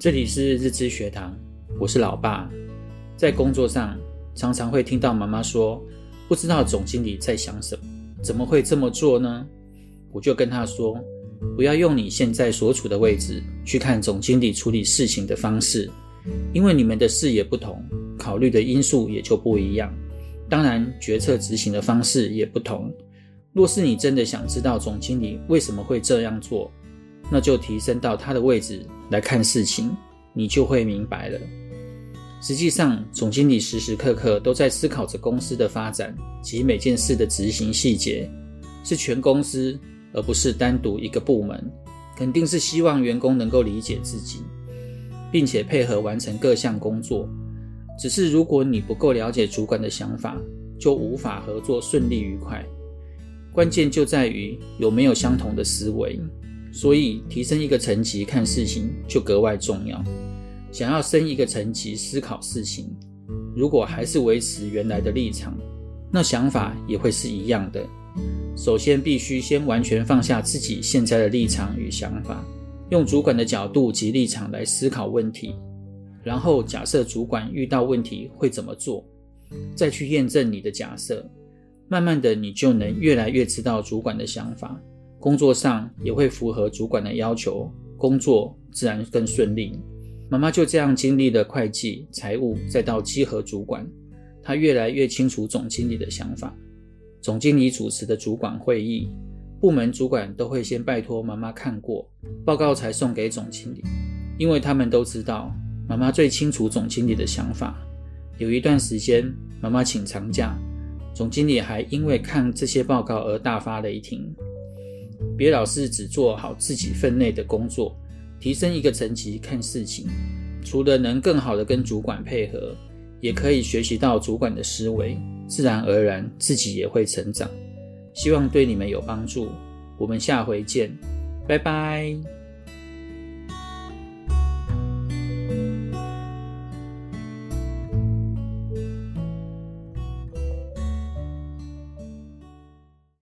這裡是日之學堂，我是老爸。在工作上，常常會聽到媽媽說：“不知道總經理在想什麼，怎麼會這麼做呢？”我就跟她說：“不要用你現在所處的位置去看總經理處理事情的方式，因為你們的視野不同，考慮的因素也就不一樣。當然，決策執行的方式也不同。若是你真的想知道總經理為什麼會這樣做，那就提升到他的位置來看事情，你就會明白了。實際上，總經理時時刻刻都在思考着公司的發展及每件事的執行細節，是全公司而不是單獨一個部門。肯定是希望員工能夠理解自己，並且配合完成各項工作。只是如果你不夠了解主管的想法，就無法合作順利愉快。關鍵就在於有沒有相同的思維。所以，提升一個層級看事情就格外重要。想要升一個層級思考事情，如果還是維持原來的立場，那想法也會是一樣的。首先，必須先完全放下自己現在的立場與想法，用主管的角度及立場來思考問題。然後，假設主管遇到問題會怎麼做，再去驗證你的假設。慢慢的，你就能越來越知道主管的想法。工作上也會符合主管的要求，工作自然更順利。媽媽就這樣經歷了會計、財務，再到稽核主管，她越來越清楚總經理的想法。總經理主持的主管會議，部門主管都會先拜託媽媽看過報告才送給總經理，因為他們都知道媽媽最清楚總經理的想法。有一段時間，媽媽請長假，總經理還因為看這些報告而大發雷霆。別老是只做好自己分內的工作，提升一個層級看事情，除了能更好的跟主管配合，也可以學習到主管的思維，自然而然自己也會成長。希望對你們有幫助，我們下回見，拜拜。